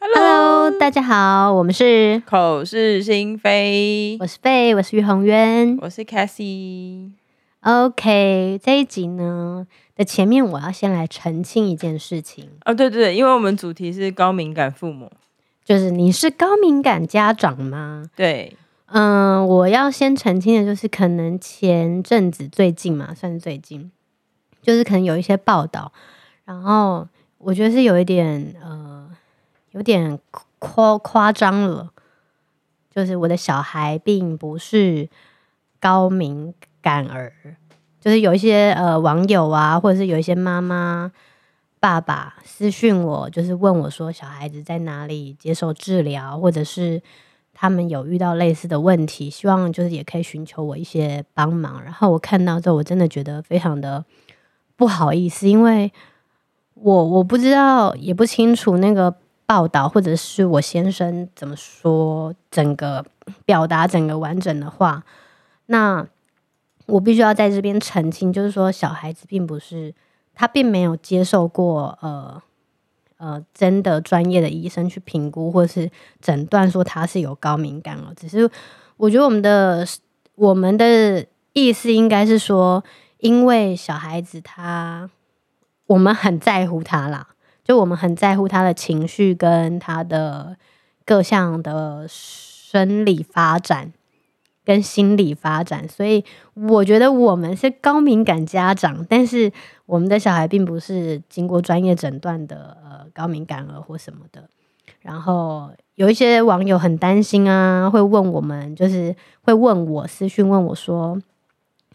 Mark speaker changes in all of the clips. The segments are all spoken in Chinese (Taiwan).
Speaker 1: Hello，大家好，我們是口是心非我是，我是貝，我是於宏淵，我是 Cassie。OK，這一集呢的前面，我要先來澄清一件事情
Speaker 2: 啊，哦、對，對對，因為我們主題是高敏感父母，
Speaker 1: 就是你是高敏感家長嗎？對，嗯、呃，我要先澄清的就是，可能前陣子最近嘛，算是最近。就是可能有一些報道，然後我覺得是有一點呃，有點誇誇張了。就是我的小孩並不是高敏感兒，就是有一些呃網友啊，或者是有一些媽媽、爸爸私訊我，就是問我說小孩子在哪裡接受治療，或者是他們有遇到類似的問題，希望就是也可以尋求我一些幫忙。然後我看到之後，我真的覺得非常的。不好意思，因為我我不知道，也不清楚那個報道或者是我先生怎麼說，整個表達整個完整的話。那我必須要在這邊澄清，就是說，小孩子並不是他並沒有接受過呃呃真的專業的醫生去評估或是診斷說他是有高敏感了。只是我覺得我們的我們的意思應該是說。因為小孩子他，我們很在乎他啦，就我們很在乎他的情緒跟他的各項的生理發展跟心理發展，所以我覺得我們是高敏感家長，但是我們的小孩並不是經過專業診斷的呃，高敏感兒或什麼的。然後有一些網友很擔心啊，會問我們，就是會問我私訊問我說。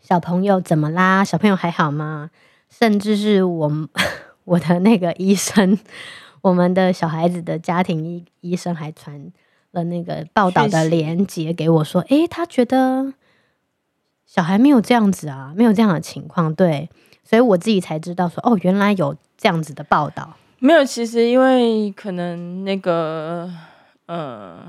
Speaker 1: 小朋友怎麼啦？小朋友還好嗎？甚至是我我的那個醫生，我們的小孩子的家庭醫醫生還傳了那個報道的鏈接給我說，確實，誒，他覺得小孩沒有這樣子啊，沒有這樣的情況，對，所以我自己才知道說，哦，原來有這樣子的報道。
Speaker 2: 沒有，其實因為可能那個呃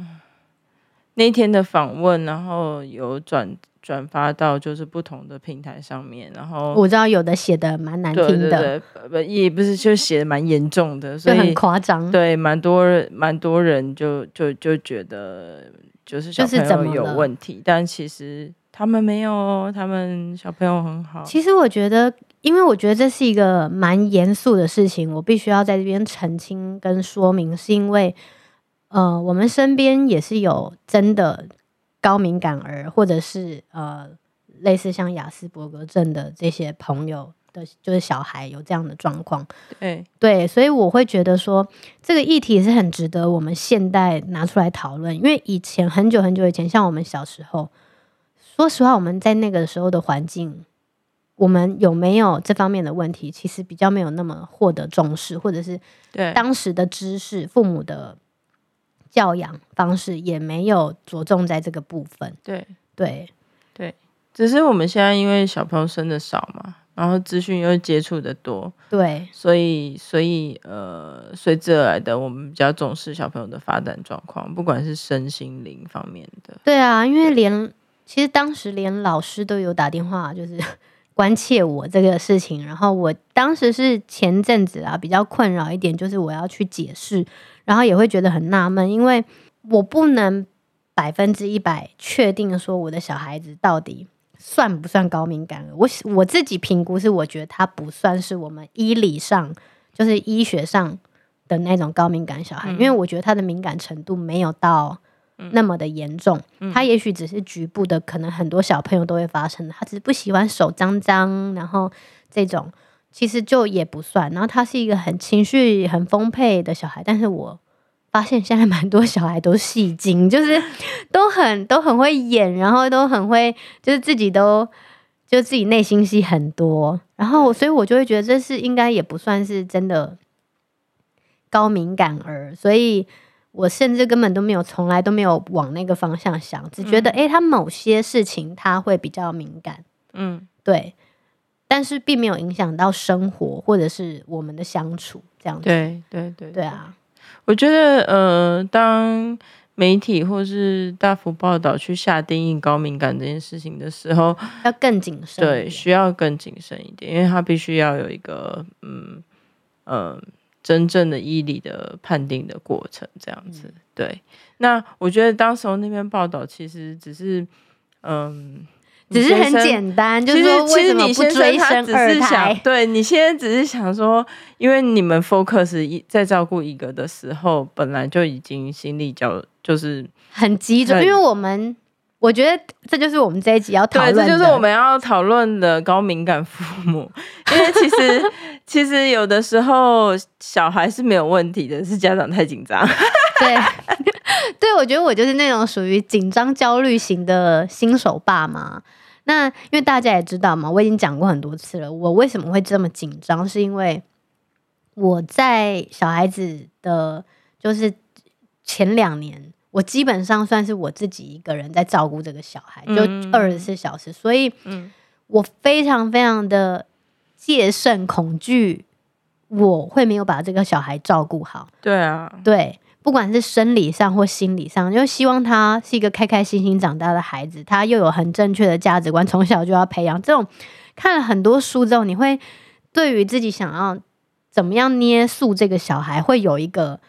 Speaker 2: 那天的訪問，然後有轉。轉發到就是不同的平台上面，然後我知道
Speaker 1: 有的寫的蠻難聽的，
Speaker 2: 也不是就寫的蠻嚴重的，所以很誇
Speaker 1: 張。對，蠻多
Speaker 2: 人，蠻多人就就就覺得就是小朋友有問題，但其實他們沒有，他們小朋友很好。其實
Speaker 1: 我覺得，因為我覺得這是一個蠻嚴肅的事情，我必須要在這邊澄清跟說明，是因為呃，我們身邊也是有真的。高敏感兒，或者是呃，類似像亞斯伯格症的這些朋友的，就是小孩有這樣的狀況，對對，所以我會覺得說，這個議題是很值得我們現代拿出來討論。因為以前很久很久以前，像我們小時候，說實話，我們在那個時候的環境，我們有沒有這方面的問題，其實比較沒有那麼獲得重視，或者是對當時的知識，對父母的，教養方式也沒有着重在這個部分。對對對，
Speaker 2: 對只是我們現在因為小朋友生的少嘛，然後資訊又接觸的多，對所，所以、呃、所以呃，隨之而來的，我們比較重視小朋友的發展狀況，不管是身心靈方面
Speaker 1: 的。對啊，因為連對其實當時連老師都有打電話，就是關切我這個事情。然後我當時是前陣子啊，比較困擾一點，就是我要去解釋。然後也會覺得很納悶，因為我不能百分之一百確定說我的小孩子到底算不算高敏感。我我自己評估是，我覺得他不算是我們醫理上就是醫學上的那種高敏感小孩，嗯、因為我覺得他的敏感程度沒有到那麼的嚴重。嗯嗯、他也許只是局部的，可能很多小朋友都會發生的，他只是不喜歡手髒髒，然後這種。其實就也不算，然後他是一個很情緒很豐沛的小孩，但是我發現現在蠻多小孩都戲精，就是都很都很會演，然後都很會，就是自己都就自己內心戲很多，然後所以我就會覺得這是應該也不算是真的高敏感兒，所以我甚至根本都沒有，從來都沒有往那個方向想，只覺得哎、嗯欸，他某些事情他會比較敏感，嗯，對。但是並沒有影響到生活，或者是我們的相處這樣子。對對對，對啊，我覺
Speaker 2: 得，呃，當媒體或是大幅報道去下定義高敏感這件事情的時候，要更謹慎。對，需要更謹慎一點，因為它必須要有一個，嗯嗯、呃，真正的醫理的判定的過程，這樣子。嗯、對，那我覺得當時候那邊報道其實只是，嗯。
Speaker 1: 只是很簡單，你先生就是說為什麼不追生二胎？其實，其實他只是想
Speaker 2: 對，你現在只是想說，因為你們 focus 一在照顧一個的時候，本來就已經心力交，就是很集中。很因
Speaker 1: 為我們我覺得這就是我們這一集要討論的，這就是我們
Speaker 2: 要討論的高敏感父母。因為其實 其實有的時候小孩是沒有問題的，是家長太緊張。對，
Speaker 1: 對，我覺得我就是那種屬於緊張焦慮型的新手爸媽。那因為大家也知道嘛，我已經講過很多次了。我為什麼會這麼緊張？是因為我在小孩子的就是前兩年，我基本上算是我自己一個人在照顧這個小孩，就二十四小時，嗯，所以，嗯，我非常非常的戒慎恐懼，我會沒有把這個小孩照顧好。
Speaker 2: 對啊，
Speaker 1: 對。不管是生理上或心理上，就希望他是一個開開心心長大的孩子，他又有很正確的價值觀，從小就要培養。這種看了很多書之後，你會對於自己想要怎麼樣捏塑這個小孩，會有一個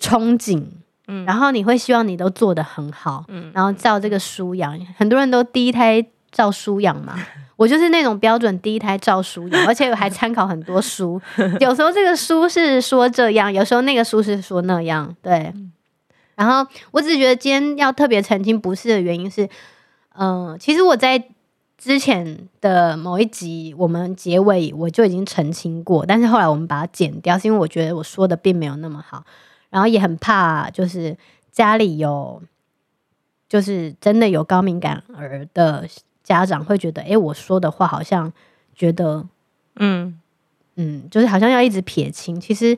Speaker 1: 憧憬，嗯，然後你會希望你都做得很好，嗯，然後照這個書養，很多人都第一胎照書養嘛。 我就是那種標準第一胎照書養，而且我還參考很多書。 有時候這個書是說這樣，有時候那個書是說那樣。對，然後我只是覺得今天要特別澄清不是的原因是，嗯、呃，其實我在之前的某一集我們結尾我就已經澄清過，但是後來我們把它剪掉，是因為我覺得我說的並沒有那麼好，然後也很怕就是家裡有就是真的有高敏感兒的。家長會覺得，哎、欸，我說的話好像覺得，嗯嗯，就是好像要一直撇清。其實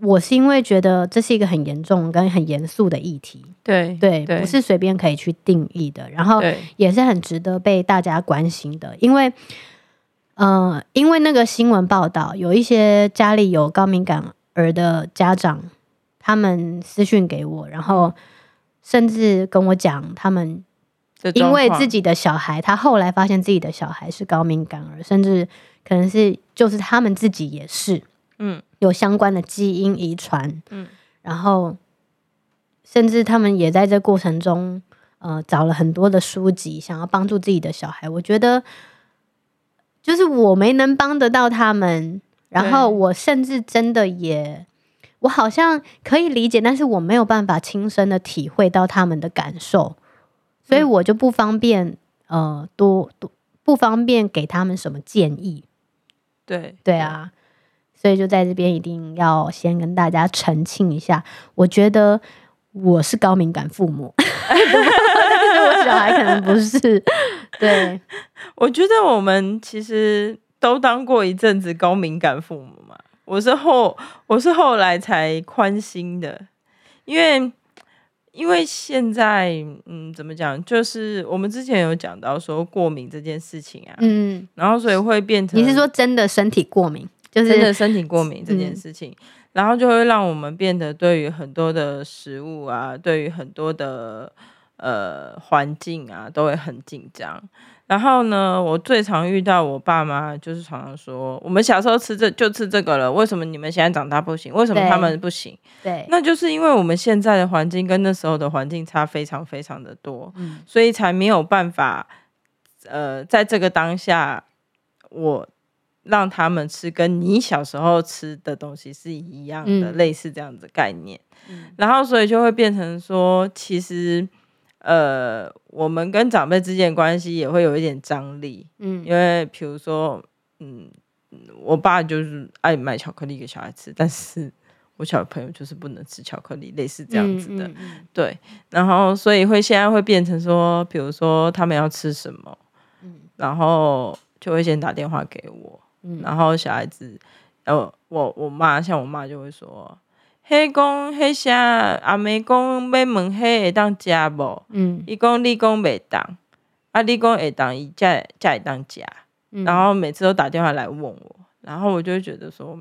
Speaker 1: 我是因為覺得這是一個很嚴重跟很嚴肅的議題，對對，對，不是隨便可以去定義的。然後也是很值得被大家關心的，對因為，呃，因為那個新聞報道，有一些家裡有高敏感兒的家長，他們私訊給我，然後甚至跟我講他們。因為自己的小孩，他後來發現自己的小孩是高敏感兒，甚至可能是就是他們自己也是，嗯，有相關的基因遺傳，嗯，然後甚至他們也在這過程中，嗯、呃，找了很多的書籍，想要幫助自己的小孩。我覺得就是我沒能幫得到他們，然後我甚至真的也，對我好像可以理解，但是我沒有辦法親身的體會到他們的感受。所以我就不方便，呃，多多不方便給他們什麼建議，
Speaker 2: 對，
Speaker 1: 對啊，所以就在這邊一定要先跟大家澄清一下，我覺得我是高敏感父母，
Speaker 2: 但是我小孩可能不是，對，我覺得我們其實都當過一陣子高敏感父母嘛，我是後我是後來才寬心的，因為。因為現在，嗯，怎麼講？就是我們之前有講到說過敏這件事情啊，嗯，然後所以會變成，你是說
Speaker 1: 真的身體過敏，就是真的身體過敏這件事
Speaker 2: 情，嗯，然後就會讓我們變得對於很多的食物啊，對於很多的呃環境啊，都會很緊張。然後呢，我最常遇到我爸媽就是常常說，我們小時候吃這就吃這個了，為什麼你們現在長大不行？為什麼他們不行？對，對，那就是因為我們現在的環境跟那時候的環境差非常非常的多，嗯，所以才沒有辦法，呃，在這個當下，我讓他們吃跟你小時候吃的東西是一樣的，嗯，類似這樣的概念，嗯，然後所以就會變成說，其實。呃，我們跟長輩之間關係也會有一點張力，嗯，因為比如說，嗯，我爸就是愛買巧克力給小孩吃，但是我小朋友就是不能吃巧克力，類似這樣子的，嗯嗯、對，然後所以會現在會變成說，比如說他們要吃什麼，然後就會先打電話給我，然後小孩子，呃，我我媽像我媽就會說。迄講，迄些阿妹講要問迄會當食無？嗯，伊講你講袂當，啊，你講會當，伊才才當食，嗯、然後每次都打電話來問我，然後我就覺得說，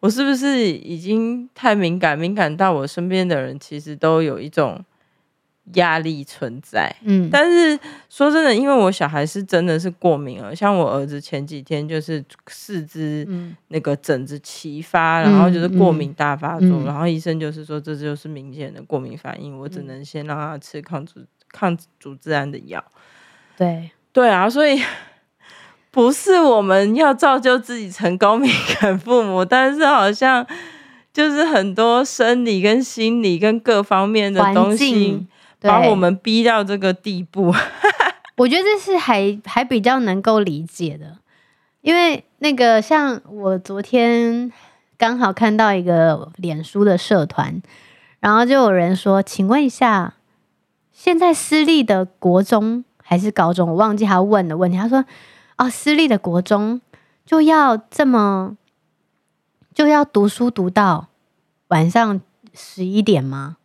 Speaker 2: 我是不是已經太敏感，敏感到我身邊的人其實都有一種，壓力存在，嗯，但是說真的，因為我小孩是真的是過敏了，像我兒子前幾天就是四肢那個疹子齊發，嗯、然後就是過敏大發作，嗯嗯、然後醫生就是說這就是明顯的過敏反應，嗯、我只能先讓他吃抗組抗組織胺的藥。對對啊，所以不是我們要造就自己成高敏感父母，但是好像就是很多生理跟心理跟各方面的東西。把我們逼到這個地步對，
Speaker 1: 我覺得這是還還比較能夠理解的，因為那個像我昨天剛好看到一個臉書的社團，然後就有人說：“請問一下，現在私立的國中還是高中？我忘記他問的問題。”他說：“哦，私立的國中就要這麼就要讀書讀到晚上十一點嗎？”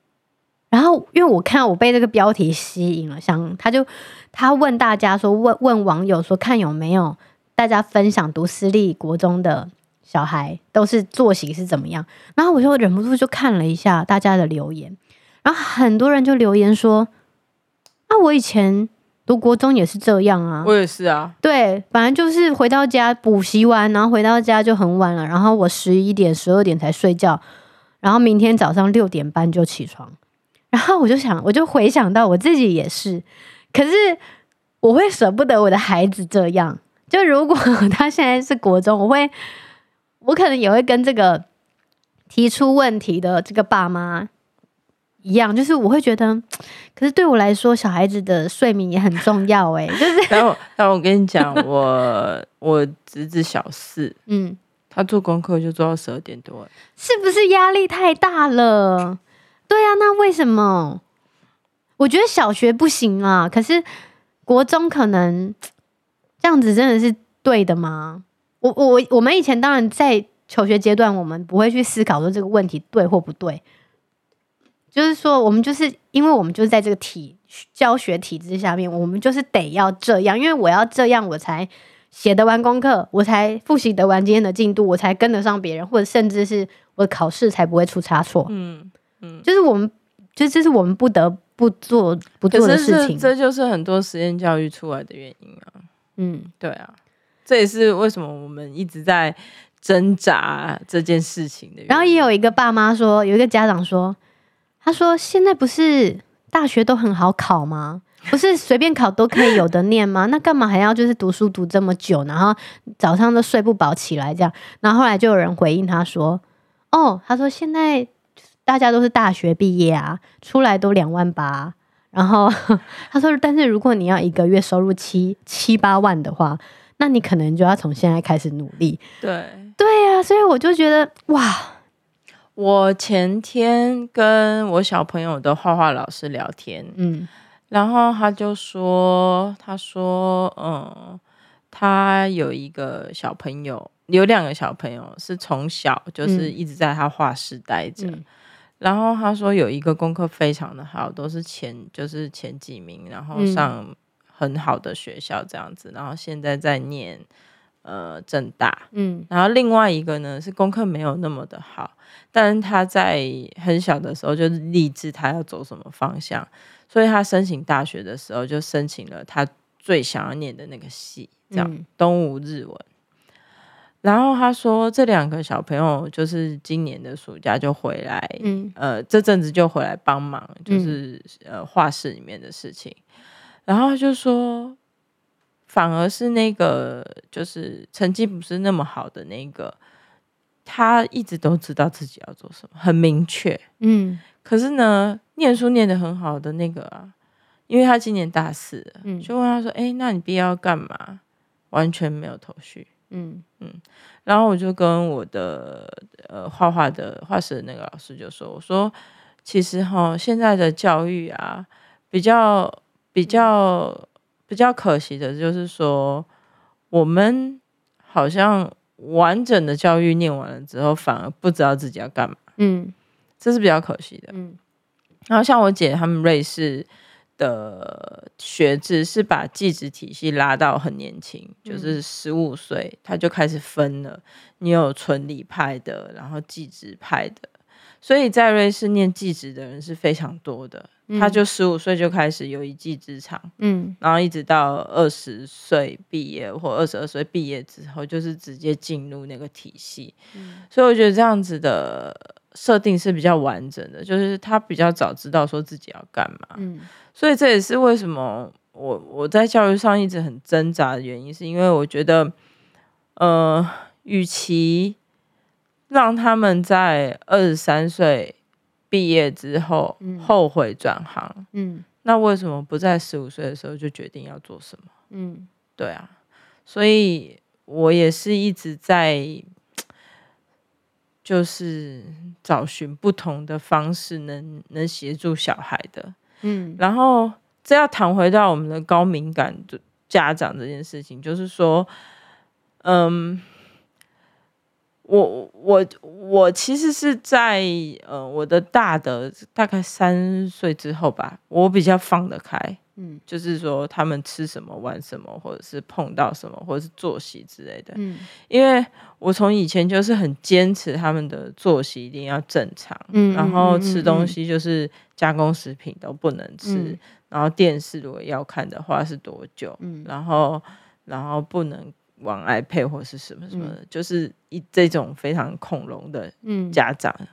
Speaker 1: 然後，因為我看我被這個標題吸引了，想他就他問大家說，問問網友說，看有沒有大家分享讀私立國中的小孩都是作息是怎麼樣？然後我就忍不住就看了一下大家的留言，然後很多人就留言說：“啊，我以前讀國中也是這樣啊，我也是啊，對，反正就是回到家補習完，然後回到家就很晚了，然後我十一點十二點才睡覺，然後明天早上六點半就起床。”然後我就想，我就回想到我自己也是，可是我會捨不得我的孩子這樣。就如果他現在是國中，我會，我可能也會跟這個提出問題的這個爸媽一樣，就是我會覺得，可是對我來說，小孩子的睡眠也很重要哎。就是，然後，然後我跟你講，
Speaker 2: 我我侄子小四，
Speaker 1: 嗯，他做功課就做到十二點多，是不是壓力太大了？對啊，那為什麼？我覺得小學不行啊，可是國中可能這樣子真的是對的嗎？我我我，我們以前當然在求學階段，我們不會去思考說這個問題對或不對。就是說，我們就是因為我們就是在這個體教學體制下面，我們就是得要這樣，因為我要這樣，我才寫得完功課，我才複習得完今天的進度，我才跟得上別人，或者甚至是我的考試才不會出差錯。嗯。嗯，就是我們，就是、這是我們不得不做不做的事情
Speaker 2: 這。這就是很多實驗教育出來的原因啊。嗯，對啊，這也是為什麼我們一直在掙扎這件事情的原
Speaker 1: 因。然後也有一個爸媽說，有一個家長說，他說現在不是大學都很好考嗎？不是隨便考都可以有的念嗎？ 那幹嘛還要就是讀書讀這麼久？然後早上都睡不飽，起來這樣。然後後來就有人回應他說，哦，他說現在。大家都是大學畢業啊，出來都兩萬八、啊。然後他說：“但是如果你要一個月收入七七八萬的話，那你可能就要從現在開始努力。”對對對、啊、呀，所以我就覺得哇！
Speaker 2: 我前天跟我小朋友的畫畫老師聊天，嗯，然後他就說：“他說，嗯，他有一個小朋友，有兩個小朋友是從小就是一直在他畫室待着。”嗯嗯然後他說有一個功課非常的好，都是前就是前幾名，然後上很好的學校這樣子。嗯、然後現在在念呃政大，嗯。然後另外一個呢是功課沒有那麼的好，但是他在很小的時候就立志他要走什麼方向，所以他申請大學的時候就申請了他最想要念的那個系，這樣、嗯、東吳日文。然後他說，這兩個小朋友就是今年的暑假就回來，嗯，呃，這陣子就回來幫忙，就是、嗯、呃，畫室裡面的事情。然後他就說，反而是那個就是成績不是那麼好的那個，他一直都知道自己要做什麼，很明確，嗯。可是呢，念書念得很好的那個啊，因為他今年大四，嗯，就問他說，哎、嗯，那你畢業要幹嘛？完全沒有頭緒。嗯嗯，然後我就跟我的呃畫畫的畫室的那個老師就說：“我說其實哈，現在的教育啊，比較比較、嗯、比較可惜的就是說，我們好像完整的教育念完了之後，反而不知道自己要幹嘛。嗯，這是比較可惜的。嗯，然後像我姐他們瑞士。”的學制是把技職體系拉到很年輕，嗯、就是十五歲他就開始分了，你有純理派的，然後技職派的，所以在瑞士念技職的人是非常多的，嗯、他就十五歲就開始有一技之長，嗯，然後一直到二十歲畢業或二十二歲畢業之後，就是直接進入那個體系，嗯、所以我覺得這樣子的。設定是比較完整的，就是他比較早知道說自己要幹嘛，嗯，所以這也是為什麼我我在教育上一直很掙扎的原因，是因為我覺得，呃，與其讓他們在二十三歲畢業之後後悔轉行，嗯，嗯，那為什麼不在十五歲的時候就決定要做什麼？嗯，對啊，所以我也是一直在。就是找尋不同的方式能、能能協助小孩的，嗯，然後這要談回到我們的高敏感的家長這件事情，就是說，嗯，我我我其實是在呃我的大的大概三歲之後吧，我比較放得開。嗯，就是說他們吃什麼、玩什麼，或者是碰到什麼，或者是作息之類的。嗯、因為我從以前就是很堅持他們的作息一定要正常，嗯、然後吃東西就是加工食品都不能吃，嗯、然後電視如果要看的話是多久，嗯、然後然後不能玩 iPad，或是什麼什麼的，嗯、就是一這種非常恐龍的家長。嗯。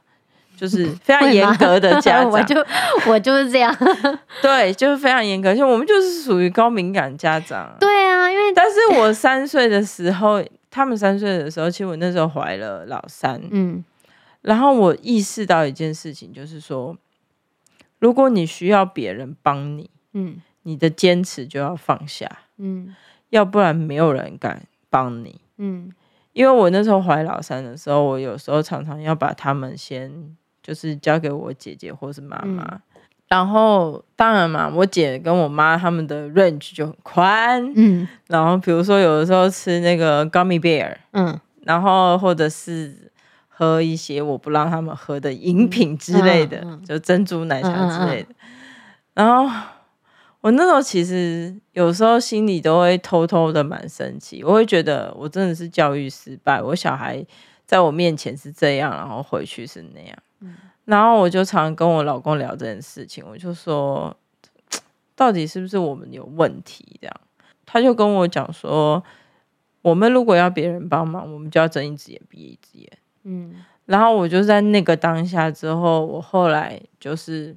Speaker 2: 就是非常嚴格的家長會嗎， 我
Speaker 1: 就我就是這樣，
Speaker 2: 對，就是非常嚴格，像我們就是屬於高敏感家長。對啊，因為但是我三歲的時候， 他們三歲的時候，其實我那時候懷了老三，嗯，然後我意識到一件事情，就是說，如果你需要別人幫你，嗯，你的堅持就要放下，嗯，要不然沒有人敢幫你，嗯，因為我那時候懷老三的時候，我有時候常常要把他們先。就是交給我姐姐或是媽媽，嗯、然後當然嘛，我姐跟我媽他們的 range 就很寬，嗯，然後比如說有的時候吃那個 gummy bear，嗯，然後或者是喝一些我不讓他們喝的飲品之類的，嗯嗯嗯、就珍珠奶茶之類的。嗯嗯嗯、然後我那時候其實有時候心裡都會偷偷的蠻生氣，我會覺得我真的是教育失敗，我小孩。在我面前是這樣，然後回去是那樣，嗯，然後我就常跟我老公聊這件事情，我就說，到底是不是我們有問題？這樣，他就跟我講說，我們如果要別人幫忙，我們就要睜一隻眼閉一隻
Speaker 1: 眼。
Speaker 2: 嗯，然後我就在那個當下之後，我後來就是。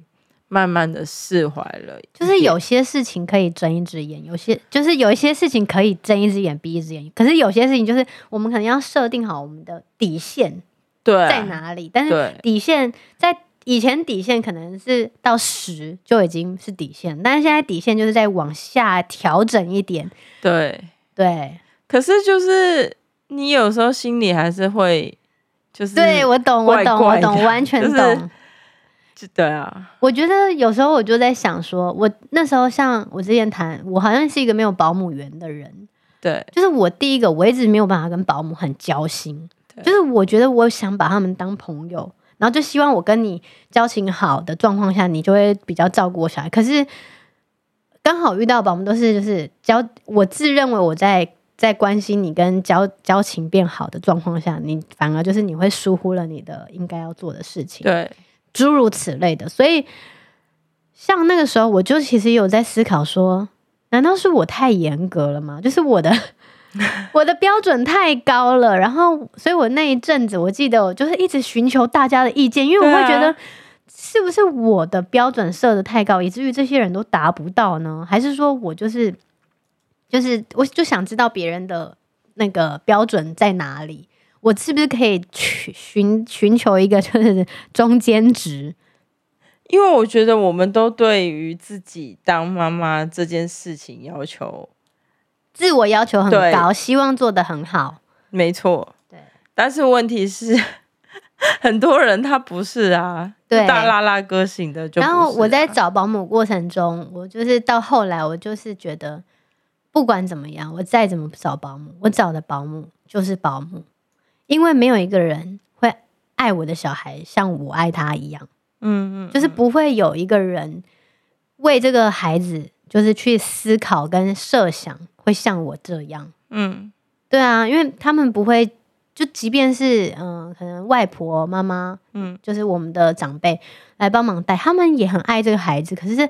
Speaker 2: 慢慢的釋懷了，
Speaker 1: 就是有些事情可以睜一隻眼，有些就是有一些事情可以睜一隻眼閉一隻眼，可是有些事情就是我們可能要設定好我們的底線在哪裡。對、啊，在哪裡？但是底線在以前底線可能是到十就已經是底線，但是現在底線就是在往下調整一點。對對，對可是就是你
Speaker 2: 有時候心裡還是會，就是怪怪的。對我懂我懂我懂，我懂我完全懂。就是是對
Speaker 1: 啊，我覺得有時候我就在想說，說我那時候像我之前談，我好像是一個沒有保姆員的人，對，就是我第一個，我一直沒有辦法跟保姆很交心，對，就是我覺得我想把他們當朋友，然後就希望我跟你交情好的狀況下，你就會比較照顧我小孩。可是剛好遇到保姆都是就是交，我自認為我在在關心你跟交交情變好的狀況下，你反而就是你會疏忽了你的應該要做的事情，對。諸如此類的，所以像那個時候，我就其實有在思考說，難道是我太嚴格了嗎？就是我的 我的標準太高了，然後，所以我那一陣子，我記得我就是一直尋求大家的意見，因為我會覺得，是不是我的標準設的太高，啊、以至於這些人都達不到呢？還是說我就是，就是我就想知道別人的那個標準在哪裡？我是不是可以去尋尋求一個就是中間值？
Speaker 2: 因為我覺得我們都對於自己當媽媽這件事情要求
Speaker 1: 自我要求很高，對希望做得很好，沒錯錯。對，
Speaker 2: 但是問題是很多人他不是啊，對大喇喇個性的就、啊。就然後我在找
Speaker 1: 保姆過程中，我就是到後來，我就是覺得不管怎麼樣，我再怎麼找保姆，我找的保姆就是保姆。因為沒有一個人會愛我的小孩像我愛他一樣，嗯嗯，嗯就是不會有一個人為這個孩子就是去思考跟設想會像我這樣，嗯，對啊，因為他們不會，就即便是嗯、呃，可能外婆、媽媽，嗯，就是我們的長輩來幫忙帶，他們也很愛這個孩子，可是是。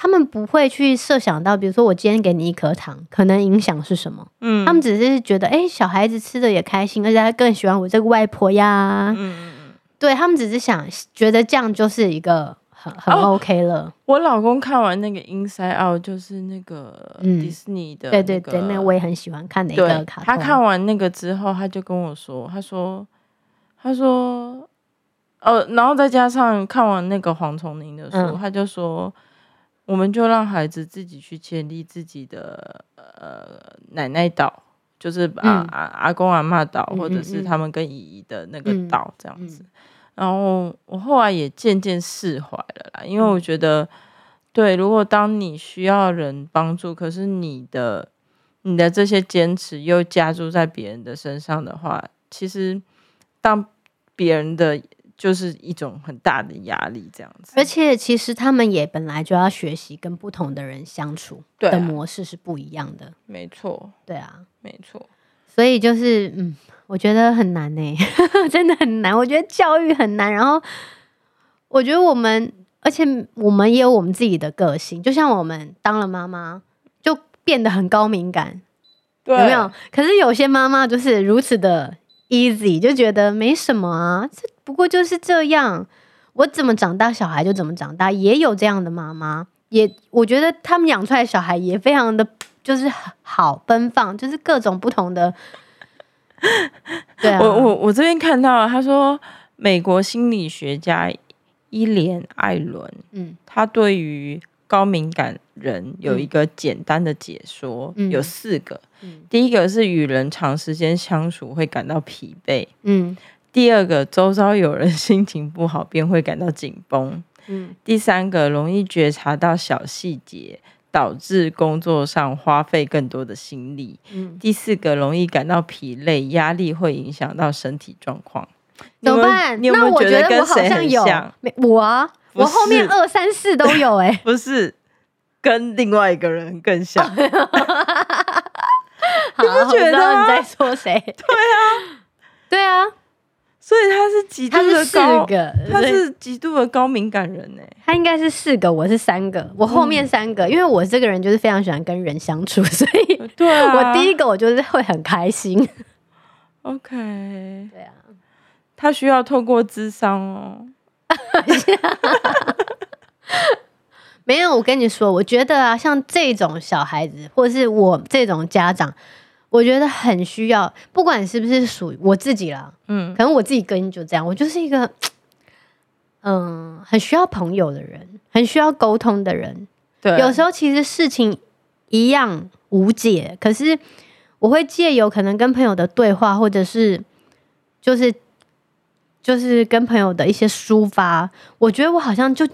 Speaker 1: 他們不會去設想到，比如說我今天給你一顆糖，可能影響是什麼？嗯，他們只是覺得，欸、小孩子吃的也開心，而且他更喜歡我這個外婆呀。嗯對，他們只是想覺得這樣就是一個很很 OK 了，哦。
Speaker 2: 我老公看完那個 Inside Out，就是那個迪
Speaker 1: 士尼的，那個，嗯、對，對對對，那我也很喜歡看的一個卡通。他看
Speaker 2: 完那個之後，他就跟我說：“他說，他說，呃，然後再加上看完那個黃崇林的書，嗯，他就說。”我們就讓孩子自己去建立自己的呃奶奶島，就是把、嗯啊、阿公阿嬤島，或者是他們跟姨姨的那個島這樣子。嗯嗯、然後我後來也漸漸釋懷了啦，因為我覺得，對，如果當你需要人幫助，可是你的你的這些堅持又加注在別人的身上的話，其實當別人的。就是一種很大的壓力，這樣
Speaker 1: 子。而且其實他們也本來就要學習跟不同的人相處的模式是不一樣的，沒錯。對啊，沒錯。啊、沒錯所以就是，嗯，我覺得很難呢、欸， 真的很難。我覺得教育很難。然後我覺得我們，而且我們也有我們自己的個性。就像我們當了媽媽，就變得很高敏感，對有沒有？可是有些媽媽就是如此的 easy，就覺得沒什麼啊。不過就是這樣，我怎麼長大，小孩就怎麼長大，也有這樣的媽媽，也我覺得他們養出來的小孩也非常的就是好奔放，就是各種不同的。
Speaker 2: 對啊，我我我我這邊看到他說美國心理學家伊蓮·艾倫，嗯，他對於高敏感人有一個簡單的解說，嗯、有四個，嗯、第一個是與人長時間相處會感到疲憊，嗯。第二個，週遭有人心情不好，便會感到緊繃。嗯，第三個，容易覺察到小細節，導致工作上花費更多的心力。嗯、第四個，容易感到疲累，壓力會影響到身體狀況。怎麼辦？有有，那我覺得我好像
Speaker 1: 有，我、啊、我後面二三四都有哎、
Speaker 2: 欸，不是， 不是跟另外一個人更像。
Speaker 1: 你不覺得、啊、我不知道你
Speaker 2: 在說誰。對啊， 對啊。所以他是極度的高，他是極度的高敏感人，
Speaker 1: 他應該是四個，我是三個，我後面三個，嗯、因為我這個人就是非常喜歡跟人相處，所以，啊、我第一個我就是會很開心。
Speaker 2: OK，對
Speaker 1: 啊，他需要透過諮商哦。 沒有，我跟你說，我覺得啊，像這種小孩子，或者是我這種家長，我覺得很需要，不管是不是屬於我自己了，嗯，可能我自己個性就這樣，我就是一個，嗯、呃，很需要朋友的人，很需要溝通的人。對、啊，有時候其實事情一樣無解，可是我會借由可能跟朋友的對話，或者是就是就是跟朋友的一些抒发，我覺得我好像就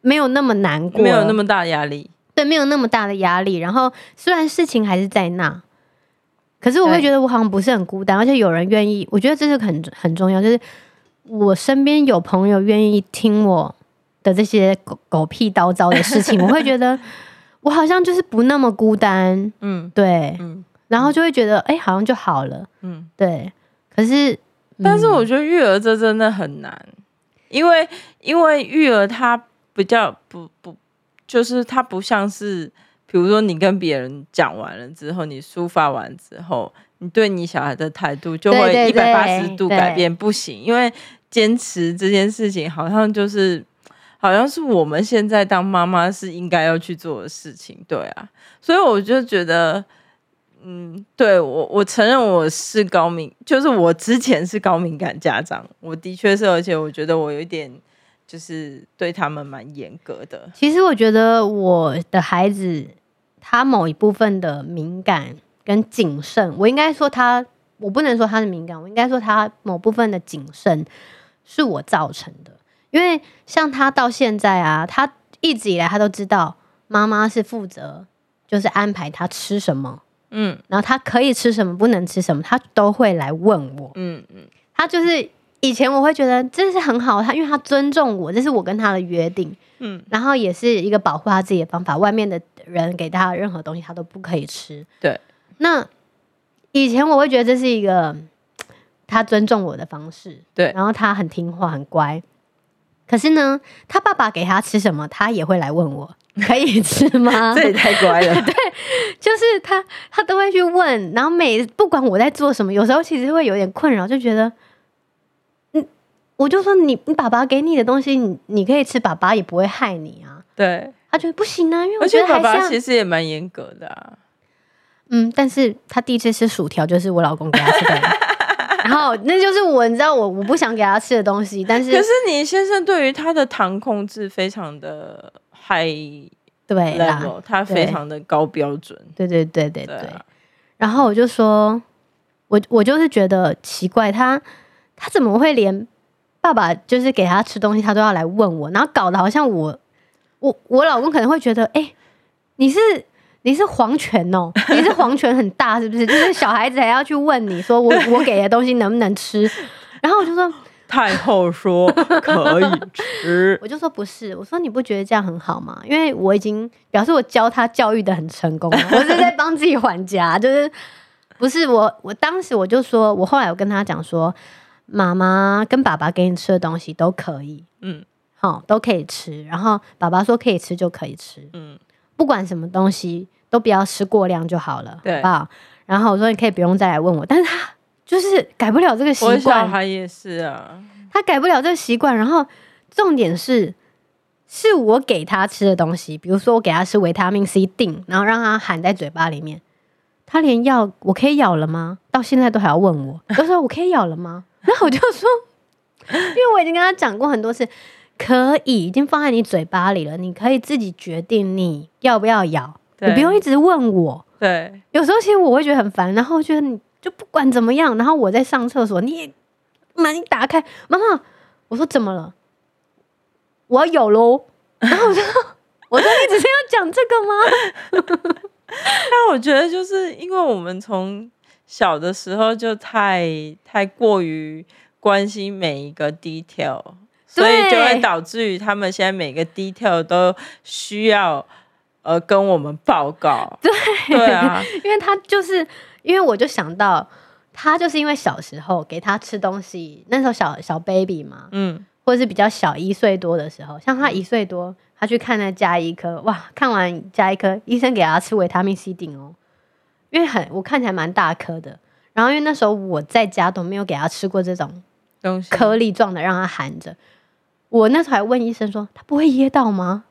Speaker 1: 沒有那麼難過，沒有那麼大壓力，對，沒有那麼大的壓力。然後雖然事情還是在那。可是我會覺得我好像不是很孤單，對而且有人願意，我覺得這是很很重要，就是我身邊有朋友願意聽我的這些狗狗屁倒灶的事情， 我會覺得我好像就是不那麼孤單，嗯，對，嗯、然後就會覺得哎、嗯欸，好像就好了，嗯，對。可是，
Speaker 2: 嗯、但是我覺得育兒這真的很難，因為因為育兒它比較不不，就是它不像是。比如說，你跟別人講完了之後，你抒發完之後，你對你小孩的態度就會一百八十度改變，對對對，不行。因為堅持這件事情，好像就是，好像是我們現在當媽媽是應該要去做的事情。對啊，所以我就覺得，嗯，對我，我承認我是高敏，就是我之
Speaker 1: 前是高敏感家長，
Speaker 2: 我的確是，而且我覺得我有一點，就是對他們蠻嚴格的。其
Speaker 1: 實我覺得我的孩子。他某一部分的敏感跟謹慎，我應該說他，我不能說他是敏感，我應該說他某部分的謹慎是我造成的。因為像他到現在啊，他一直以來他都知道媽媽是負責，就是安排他吃什麼，嗯，然後他可以吃什麼，不能吃什麼，他都會來問我，嗯嗯。他就是以前我會覺得這是很好，他因為他尊重我，這是我跟他的約定，嗯，然後也是一個保護他自己的方法，外面的。人給他任何東西，他都不可以吃。對，那以前我會覺得這是一個他尊重我的方式。對，然後他很聽話，很乖。可是呢，他爸爸給他吃什麼，他也會來問我可以吃嗎？ 這也太乖了。 對，就是他，他都會去問。然後每不管我在做什麼，有時候其實會有點困擾，就覺得嗯，我就說你，你爸爸給你的東西，你，你可以吃，爸爸也不會害你啊。對。他、啊、覺得不行呢、啊，因為我覺得、嗯、爸，爸其實
Speaker 2: 也蠻嚴格的、
Speaker 1: 啊。嗯，但是他第一次吃薯條就是我老公給他吃的， 然後那就是我，你知道我我不想給他吃的東西，但是可是
Speaker 2: 你先生對於他的糖控制非常的嗨啦。
Speaker 1: 對，對他非常
Speaker 2: 的高標準，
Speaker 1: 對，對對對對對。對啊，然後我就說，我我就是覺得奇怪，他他怎麼會連爸爸就是給他吃東西，他都要來問我，然後搞得好像我。我我老公可能會覺得，哎，你是你是皇權哦，你是皇權很大，是不是？ 就是小孩子還要去問你說我，我我給的東西能不能吃？ 然後我就說，太后說 可以吃，我就說不是，我說你不覺得這樣很好嗎？因為我已經表示我教他教育得很成功，我是在幫自己還家，就是不是我我當時我就說我後來有跟他講說，媽媽跟爸爸給你吃的東西都可以，嗯。哦，都可以吃。然後爸爸說可以吃就可以吃，嗯，不管什麼東西都不要吃過量就好了，對吧？然後我說你可以不用再來問我，但是他就是改不了這個習慣。他
Speaker 2: 也是啊，
Speaker 1: 他改不了這個習慣。然後重點是，是我給他吃的東西，比如說我給他吃維他命 C 錠，然後讓他含在嘴巴裡面，他連藥我可以咬了嗎？到現在都還要問我，他說我可以咬了嗎？然後我就說， 因為我已經跟他講過很多次。可以，已經放在你嘴巴裡了。你可以自己決定你要不要咬，對你不用一直問我。對，有時候其實我會覺得很煩，然後覺得你就不管怎麼樣，然後我在上廁所，你門一打開，媽媽，我說怎麼了？我要有嘍。然後我說， 我說你只是要講這個嗎？
Speaker 2: 但我覺得就是因為我們從小的時候就太太過於關心每一個 detail。
Speaker 1: 所以就會導
Speaker 2: 致於他們現在每個 detail 都需要呃跟我們報告。對，
Speaker 1: 對啊，因為他就是因為我就想到他就是因為小時候給他吃東西，那時候小小 baby 嘛，嗯，或者是比較小一歲多的時候，像他一歲多，他去看那家醫科，嗯、哇，看完家醫科，醫生給他吃維他命 C 錠哦，D、o, 因為很我看起來蠻大顆的，然後因為那時候我在家都沒有給他吃過這種東西、顆粒狀的，讓他含着。我那時候還問醫生說：“他不會噎到嗎？”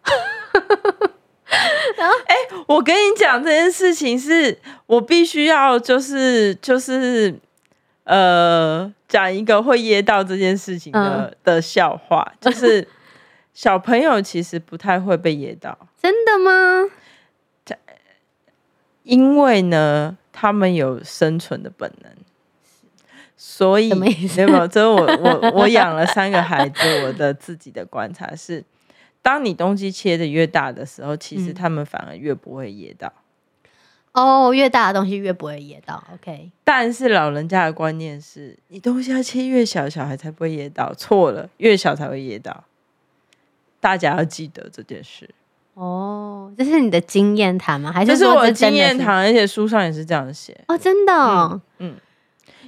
Speaker 1: 然 後、啊欸，我跟你講這件事
Speaker 2: 情是，我必須要就是就是，呃，講一個會噎到這件事情的、嗯、的笑話，就是小朋友其實不太會被噎到，
Speaker 1: 真的嗎？
Speaker 2: 因為呢，他們有生存的本能。所以所以我我我養了三個孩子， 我的自己的觀察是，當你東西切得越大的時候，其實他們反而越不會噎到、
Speaker 1: 嗯。哦，越大的東西越不會噎到。OK，
Speaker 2: 但是老人家的觀念是你東西要切越小，小孩才不會噎到。錯了，越小才會噎到。大家要記得這件事。
Speaker 1: 哦，這是你的經驗談嗎？還是，這是？這是我的經驗談，
Speaker 2: 而且書上也是這樣寫
Speaker 1: 的。哦，真的、哦嗯。嗯。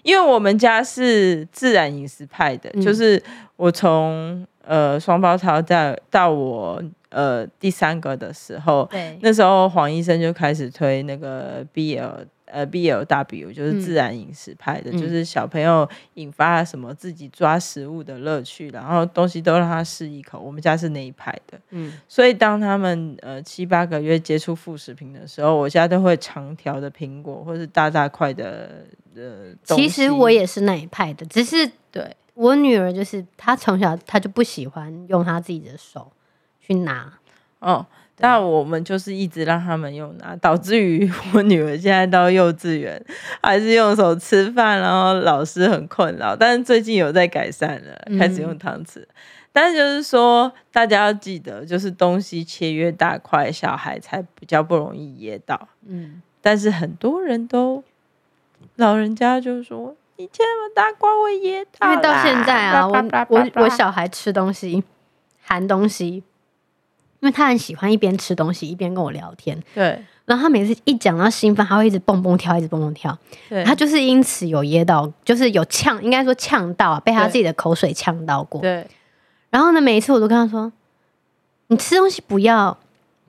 Speaker 1: 因為我們家是
Speaker 2: 自然飲食派的，嗯、就是我從呃雙胞胎到到我呃第三個的時候，對那時候黃醫生就開始推那個 BL。呃，B L W 就是自然飲食派的，嗯、就是小朋友引發了什麼自己抓食物的樂趣，嗯、然後東西都讓他試一口。我們家是那一派的，嗯，所以當他們呃七八個月接觸副食品的時候，我家都會長條的蘋果或是大大塊的呃。其實
Speaker 1: 我也是那一派的，只是對我女兒就是她從小她就不喜歡用她自己的手去拿，
Speaker 2: 哦。對但我們就是一直讓他們用拿、啊，導致於我女兒現在到幼稚園還是用手吃飯，然後老師很困擾。但是最近有在改善了，嗯、開始用湯匙。但是就是說，大家要記得，就是東西切越大塊，小孩才比較不容易噎到。嗯，但是很多人都老人家就說：“你切那麼大塊，我
Speaker 1: 也噎到。”因為到現在啊，我我,我小孩吃東西含東西。因為他很喜歡一邊吃東西一邊跟我聊天，對。然後他每次一講到興奮，他會一直蹦蹦跳，一直蹦蹦跳。對，他就是因此有噎到，就是有嗆，應該說嗆到，被他自己的口水嗆到過。對。然後呢，每一次我都跟他說：“你吃東西不要，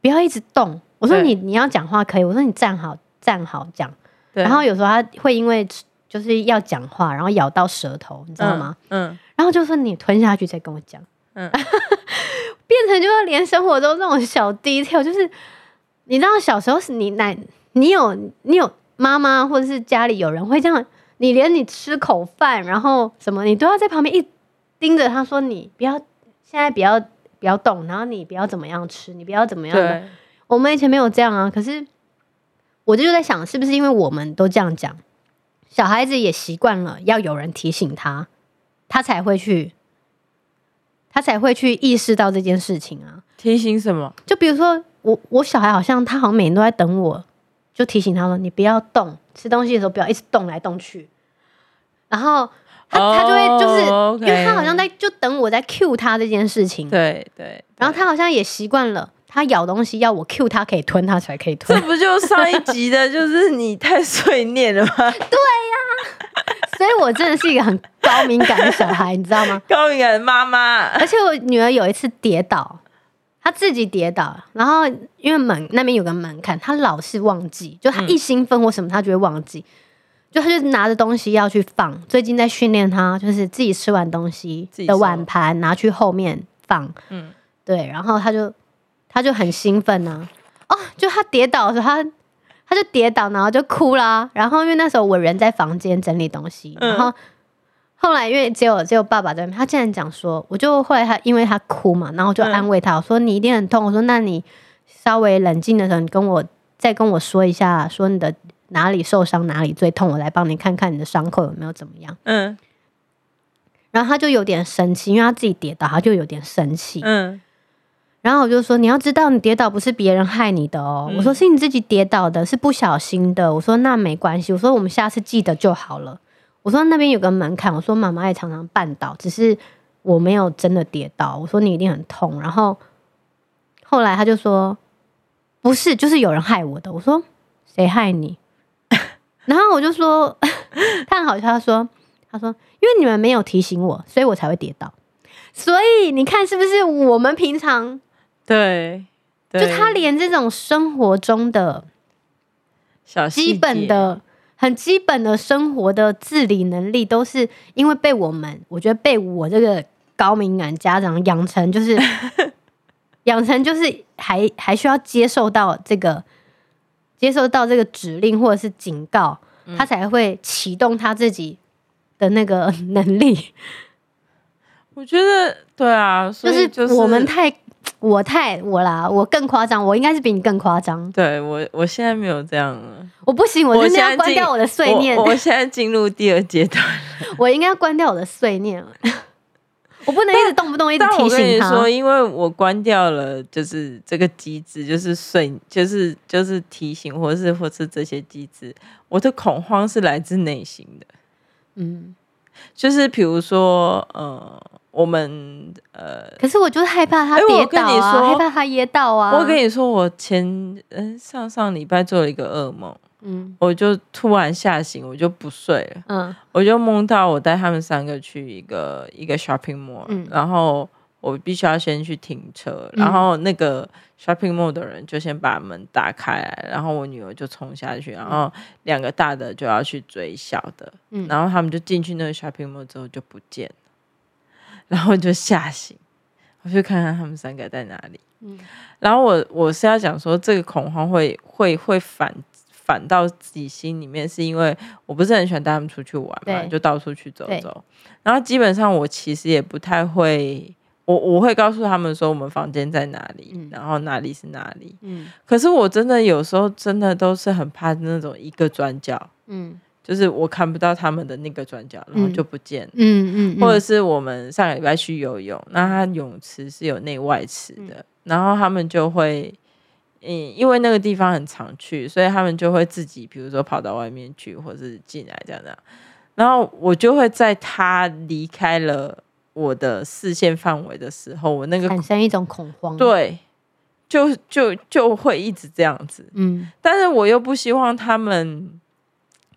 Speaker 1: 不要一直動。”我說你：“你對你要講話可以。”我說：“你站好，站好講。”對。然後有時候他會因為就是要講話，然後咬到舌頭，你知道嗎？嗯。嗯然後就說：“你吞下去再跟我講。”嗯。 變成就是連生活中這種小 detail，就是你知道小時候是你奶，你有你有媽媽或者是家裡有人會這樣，你連你吃口飯然後什麼你都要在旁邊一盯着，他說你不要現在不要不要動，然後你不要怎麼樣吃，你不要怎麼樣。對 我們以前沒有這樣啊，可是我就在想，是不是因為我們都這樣講，小孩子也習慣了要有人提醒他，他才會去。他才會去意識到這件事情啊！提醒什麼？就比如說我，我小孩好像他好像每天都在等我，就提醒他說：“你不要動，吃東西的時候不要一直動來動去。”然後他，oh, 他就會就是，okay。因為他好像在就等我在 cue 他這件事情。對對。對對。然後他好像也習慣了，他咬東西要我 cue 他，他可以吞他才可以吞。這不就上一集的，就是你太碎唸了嗎？ 對呀，啊。 所以我真的是一個很高敏感的小孩， 你知道嗎？高敏感的媽媽，而且我女兒有一次跌倒，她自己跌倒，然後因為門那邊有個門檻，她老是忘記，就她一興奮或什麼，她就會忘記，嗯、就她就拿着東西要去放，最近在訓練她，就是自己吃完東西的碗盤自己拿去後面放，嗯，對，然後她就她就很興奮呢、啊。哦，就她跌倒的時候，她。他就跌倒，然後就哭了、啊。然後因為那時候我人在房間整理東西，嗯、然後後來因為只有只有爸爸在那邊，他竟然講說，我就後來他因為他哭嘛，然後就安慰他，嗯、我說你一定很痛。我說那你稍微冷靜的時候，你跟我再跟我說一下，說你的哪裡受傷，哪裡最痛，我來幫你看看你的傷口有沒有怎麼樣。嗯。然後他就有點生氣，因為他自己跌倒，他就有點生氣。嗯。然後我就說：“你要知道，你跌倒不是別人害你的哦。嗯”我說：“是你自己跌倒的，是不小心的。”我說：“那沒關係。”我說：“我們下次記得就好了。”我說：“那邊有個門檻。”我說：“媽媽也常常絆倒，只是我沒有真的跌倒。”我說：“你一定很痛。”然後後來他就說：“不是，就是有人害我的。”我說：“誰害你？” 然後我就說：“他 好他說，他說，因為你們沒有提醒我，所以我才會跌倒。所以你看是不是我們平常？”對，對就他連這種生活中的
Speaker 2: 小基本的、
Speaker 1: 很基本的生活的自理能力，都是因為被我們，我覺得被我這個高敏感家長養成，就是 養成，就是還還需要接受到這個，接受到這個指令或者是警告，嗯、他才會啟動他自己的那個能力。我覺得，對啊，就是、就是我們太。我太我啦，我更誇張，我應該是比你更誇張。
Speaker 2: 對我，我現在沒有這樣了。
Speaker 1: 我不行，我就是要關掉我的碎念。我
Speaker 2: 現在進入第二階段，
Speaker 1: 我應該關掉我的碎念了。 我不能一直動不動一直提醒他，我跟你說，因
Speaker 2: 為我關掉了，就是這個機制，就是碎，就是就是提醒，或是或是這些機制。我的恐慌是來自內心的，嗯，就是比如說，呃。我們呃，可是我就害怕他跌倒啊！欸、害
Speaker 1: 怕他噎到啊！我跟你
Speaker 2: 說，我前
Speaker 1: 嗯上上
Speaker 2: 禮拜做了一個噩夢，嗯，我就突然嚇醒，我就不睡了。嗯，我就夢到我帶他們三個去一個一個 shopping mall，嗯，然後我必須要先去停車，嗯，然後那個 shopping mall 的人就先把門打開來，然後我女兒就衝下去，然後兩個大的就要去追小的，嗯，然後他們就進去那個 shopping mall 之後就不見。然後就嚇醒，我去看看他們三個在哪裡。嗯、然後我我是要講說，這個恐慌會會會反反到自己心裡面，是因為我不是很喜歡帶他們出去玩嘛，對就到處去走走。對然後基本上我其實也不太會，我我會告訴他們說我們房間在哪裡，嗯、然後哪裡是哪裡。嗯、可是我真的有時候真的都是很怕那種一個轉角。嗯。就是我看不到他們的那個轉角，然後就不見了嗯。嗯嗯，嗯，或者是我們上個禮拜去游泳，那他泳池是有內外池的，嗯、然後他們就會，嗯，因為那個地方很常去，所以他們就會自己，比如說跑到外面去，或者進來這樣子。然後我就會在他離開了我的視線範圍的時候，我那個產生一種恐慌。對，就就就會一直這樣子。嗯，但是我又不希望他們。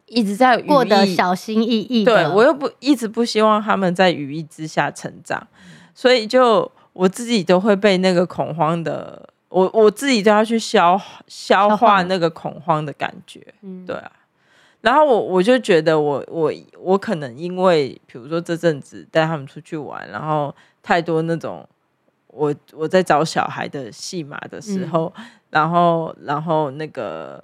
Speaker 2: 一直在過得小
Speaker 1: 心翼翼的，對我
Speaker 2: 又不一直不希望他們在羽翼之下成長，嗯、所以就我自己都會被那個恐慌的，我我自己都要去消消化那個恐慌的感覺，對啊，然後我我就覺得我我我可能因為比如說這陣子帶他們出去玩，然後太多那種我我在找小孩的戲碼的時候，嗯、然後然後那個。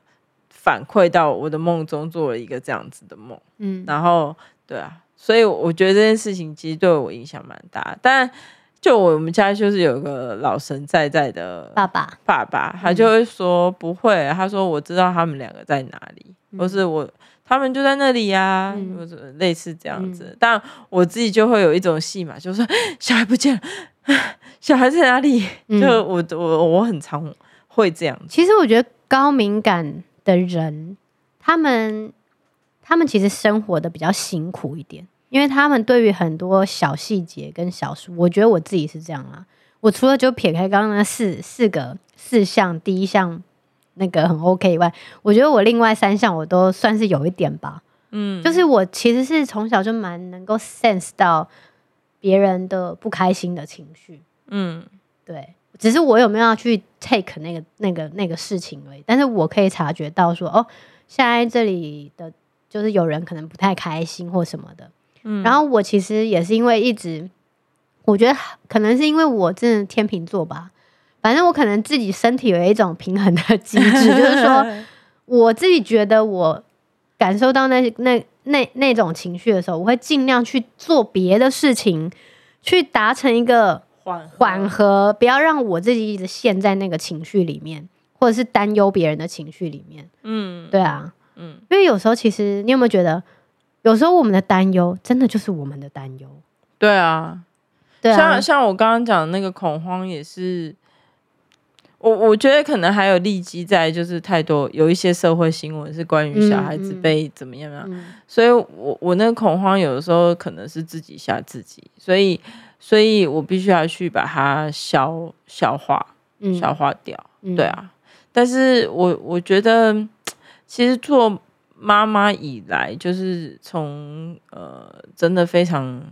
Speaker 2: 反饋到我的夢中，做了一個這樣子的夢，嗯，然後對啊，所以我覺得這件事情其實對我影響蠻大。但就我們家就是有個老神在在的爸爸，爸爸他就會說、嗯、不會，他說我知道他們兩個在哪裡，嗯、或是我他們就在那裡呀、啊，或者、嗯、類似這樣子。嗯、但我自己就會有一種戲碼，就說小孩不見了，小孩在哪裡？嗯、就我我我很常會這樣。其
Speaker 1: 實我覺得高敏感。的人，他們他們其實生活的比較辛苦一點，因為他們對於很多小細節跟小事，我覺得我自己是這樣啊。我除了就撇開剛剛那四四個四項，第一項那個很 OK 以外，我覺得我另外三項我都算是有一點吧。嗯，就是我其實是從小就蠻能夠 sense 到別人的不開心的情緒。嗯，對，只是我有沒有要去？take 那個那個那個事情而已，但是我可以察覺到說，哦，現在這裡的就是有人可能不太開心或什麼的，嗯，然後我其實也是因為一直，我覺得可能是因為我這天秤座吧，反正我可能自己身體有一種平衡的機制， 就是說我自己覺得我感受到那那那那種情緒的時候，我會儘量去做別的事情，去達成一個。緩和，緩和，不要讓我自己一直陷在那個情緒裡面，或者是擔憂別人的情緒裡面。嗯，對啊，嗯，因為有時候其實你有沒有覺得，有時候我們的擔憂真的就是我們的擔憂。對啊，對啊，像
Speaker 2: 像我剛剛講的那個恐慌也是，我我覺得可能還有立即在，就是太多有一些社會新聞是關於小孩子被怎麼樣的、嗯嗯，所以我我那個恐慌有的時候可能是自己嚇自己，所以。所以我必須要去把它消消化，消化掉，嗯嗯、對啊。但是我我覺得，其實做媽媽以來，就是從呃真的非常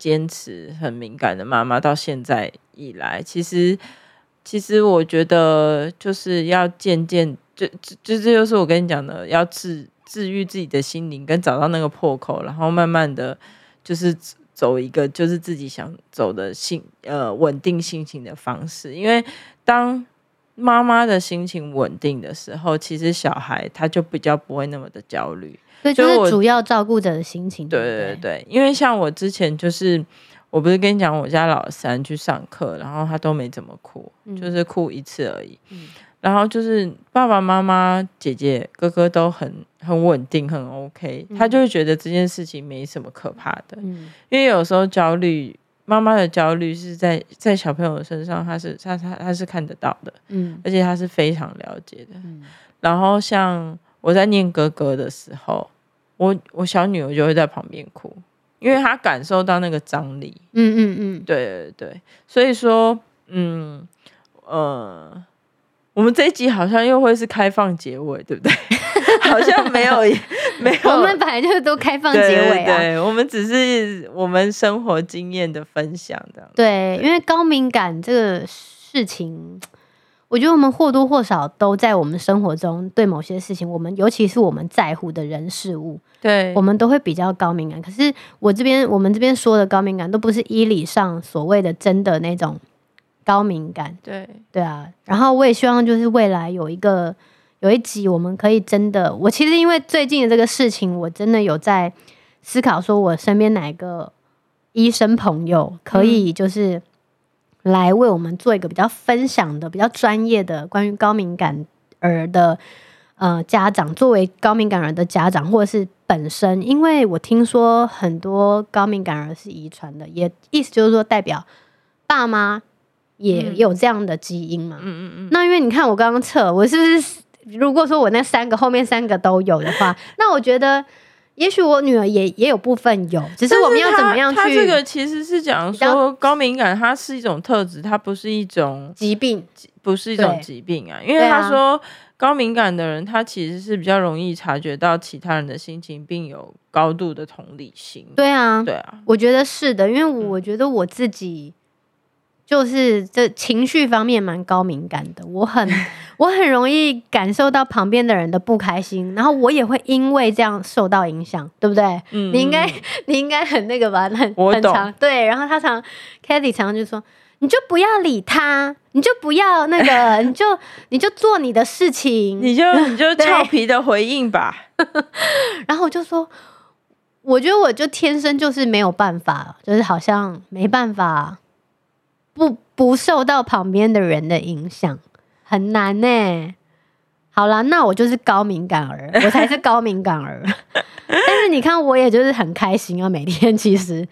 Speaker 2: 堅持、很敏感的媽媽到現在以來，其實其實我覺得就是要漸漸，就就就這就是我跟你講的，要治治癒自己的心靈，跟找到那個破口，然後慢慢的就是。走一個就是自己想走的心，呃，穩定心情的方式。因為當媽媽的心情穩定的時候，其實小孩他就比較不會那麼的焦慮。所以就是主
Speaker 1: 要照顧者的心情。對，
Speaker 2: 對對對，對，因為像我之前就是，我不是跟你講，我家老三去上課，然後他都沒怎麼哭，嗯。就是哭一次而已。嗯。然後就是爸爸媽媽、姐姐、哥哥都很。很穩定，很 OK，他就會覺得這件事情沒什麼可怕的。嗯，因為有時候焦慮，媽媽的焦慮是在在小朋友身上，他是他他他是看得到的，嗯，而且他是非常了解的。嗯，然後像我在念哥哥的時候，我我小女兒就會在旁邊哭，因為她感受到那個張力。嗯嗯嗯，對對對，所以說，嗯呃。我們這一集好像又會是開放結尾，對不對？ 好
Speaker 1: 像沒有，沒有。我們本來就是都開放結尾啊。對，對，對，
Speaker 2: 我們只是我們生活經驗的分享，的對，
Speaker 1: 對，因為高敏感這個事情，我覺得我們或多或少都在我們生活中，對某些事情，我們尤其是我們在乎的人事物，對我們都會比較高敏感。可是我這邊，我們這邊說的高敏感，都不是醫理上所謂的真的那種。高敏感，對對啊，然後我也希望就是未來有一個有一集我們可以真的，我其實因為最近的這個事情，我真的有在思考，說我身邊哪一個醫生朋友可以就是來為我們做一個比較分享的、嗯、比較專業的關於高敏感兒的呃家長，作為高敏感兒的家長或者是本身，因為我聽說很多高敏感兒是遺傳的，也意思就是說代表爸媽。也有這樣的基因嘛，啊？嗯嗯嗯。那因為你看，我剛剛測，我是不是如果說我那三個後面三個都有的話，那我覺得也許我女兒也也有部分有，只是我們要怎麼樣去？他他這個
Speaker 2: 其實是講說高敏感，它是一種特質，它不是一種疾病，不是一種疾病啊。因為他說高敏感的人，他其實是比較容易察覺到其他人的心情，並有高度的同理心。
Speaker 1: 對啊，對啊，我覺得是的，因為我覺得我自己。就是這情緒方面蠻高敏感的，我很我很容易感受到旁邊的人的不開心，然後我也會因為這樣受到影響，對不對？嗯，你應該、嗯、你應該很那個吧，很我懂很長。對，然後他常 Cathy 常常就說：“你就不要理他，你就不要那個，你就你就做你的事情， 你就你就俏皮
Speaker 2: 的回應吧。對”
Speaker 1: 然後我就說：“我覺得我就天生就是沒有辦法，就是好像沒辦法。”不不受到旁邊的人的影響，很難呢、欸。好啦，那我就是高敏感兒，我才是高敏感兒。 但是你看，我也就是很開心啊，每天其實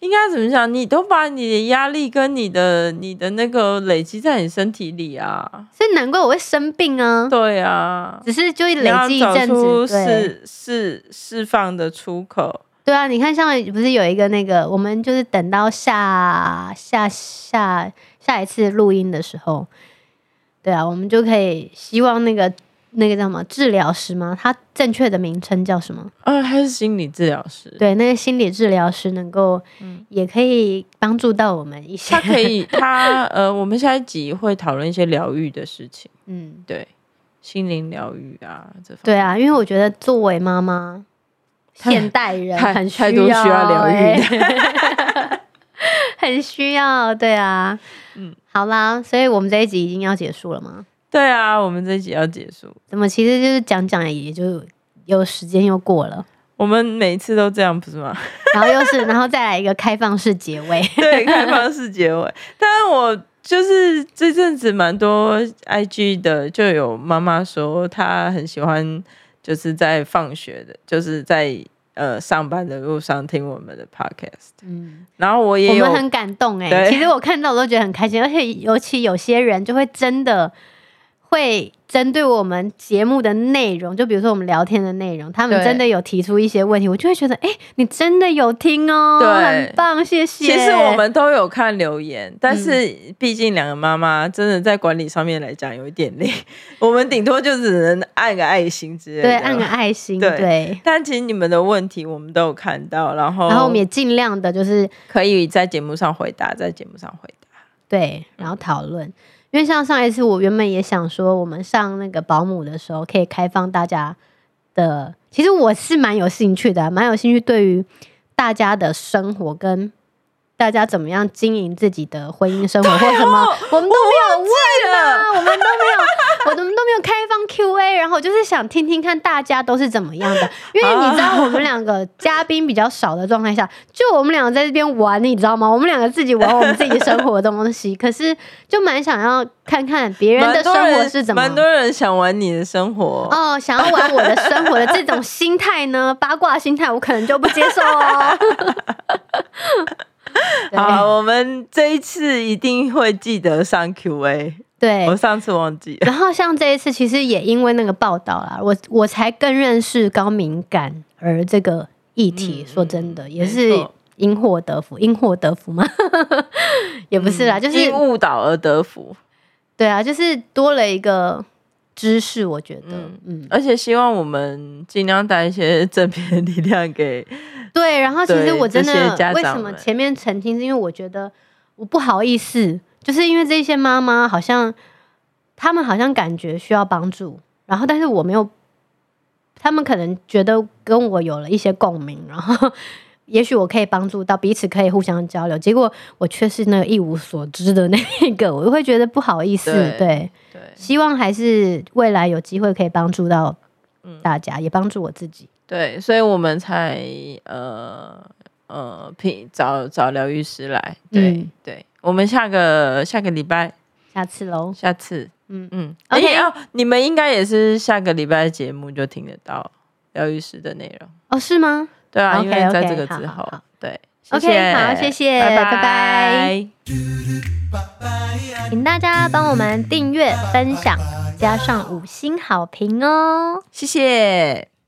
Speaker 2: 應該怎麼想？你都把你的壓力跟你的、你的那個累積在你身體裡啊，
Speaker 1: 所以難怪我會生病啊。對啊，只是就累積一陣子，是對
Speaker 2: 是釋放的出口。
Speaker 1: 對啊，你看，上面不是有一個那個，我們就是等到下下下下一次錄音的時候，對啊，我們就可以希望那個那個叫什麼治療師嗎？他正確的名稱叫什麼？
Speaker 2: 呃，他是心理治療師。
Speaker 1: 對，那個心理治療師能夠，嗯，也可以幫助到我們一些，嗯。 他可以，
Speaker 2: 他呃，我們下一集會討論一些療癒的事情。嗯，對，心靈療癒啊，這。對啊，因
Speaker 1: 為我覺得作為媽媽。現代人很需要療癒，需要欸、 很需要，對啊，嗯，好啦，所以我們這一集已經要結束了嗎？對啊，我們這一集要結束。怎麼，其實就是講講，也就有時間又過了。
Speaker 2: 我們每次都這樣，不是嗎？
Speaker 1: 然後又是，然後再來一個開放式結尾， 對，開放式
Speaker 2: 結尾。但我就是這陣子蠻多 IG 的，就有媽媽說她很喜歡。就是在放學的，就是在呃上班的路上聽我們的 podcast，
Speaker 1: 嗯，然後我也有我們很感動哎、欸，對其實我看到我都覺得很開心，而且尤其有些人就會真的。會針對我們節目的內容，就比如說我們聊天的內容，他們真的有提出一些問題，對我就會覺得，哎、欸，你真的有聽哦、喔，對很棒，謝謝。其實我們
Speaker 2: 都有看留言，但是畢竟兩個媽媽真的在管理上面來講有一點累，嗯、我們頂多就只能按個愛心之類，對，按個愛心，對。對但其實你們的問題我們都有看到，然後，然後我們也盡量的就是可以在節目上回答，在節目上回答，
Speaker 1: 對，然後討論。嗯因為像上一次，我原本也想說，我們上那個保姆的時候，可以開放大家的。其實我是蠻有興趣的啊，蠻有興趣對於大家的生活跟。大家怎麼樣經營自己的婚姻生活、哦、或什麼？我們都沒有問啊，我，問我們都沒有， 我怎麼都沒有開放 Q A。然後就是想聽聽看大家都是怎麼樣的，因為你知道我們兩個嘉賓比較少的狀態下，就我們兩個在這邊玩，你知道嗎？我們兩個自己玩我們自己的生活的東西，可是就蠻想要看看別人的生活是怎麼樣，
Speaker 2: 蠻蠻多人想玩你的生活哦，
Speaker 1: 想要玩我的生活的這種心態呢，八卦心態我可能就不接受哦。
Speaker 2: 對好，我們這一次一定會記得上 Q&A。對，我上次忘記了。然
Speaker 1: 後像這一次，其實也因為那個報道啦，我我才更認識高敏感而這個議題。嗯、說真的，也是因禍得福，錯因禍得福嗎？ 也不是啦，嗯、就是因誤導而得福。對啊，就是多了一個。知識，我覺得，嗯，而且希望我們
Speaker 2: 盡量帶一些正面力量給。
Speaker 1: 對，然後其實我真的為什麼前面澄清，是因為我覺得我不好意思，就是因為這些媽媽好像他們好像感覺需要幫助，然後但是我沒有，他們可能覺得跟我有了一些共鳴，然後也許我可以幫助到彼此，可以互相交流。結果我卻是那個一無所知的那一個，我就會覺得不好意思，對。對希望還是未來有機會可以幫助到大家、嗯、也幫助我自己。
Speaker 2: 對，所以我們才呃呃聘找找療癒師來。對、嗯、對，我們下個下個禮拜，下次嘍，下次，
Speaker 1: 嗯嗯。OK、欸、哦，
Speaker 2: 你們應該也是下個禮拜節目就聽得到療癒師的內容
Speaker 1: 哦？是嗎？對啊，應該 Okay, 在這個之後、okay。好好好謝謝 OK，好，謝謝，拜拜。拜拜。請大家幫我們訂閱、分享，加上五星好評哦。謝謝。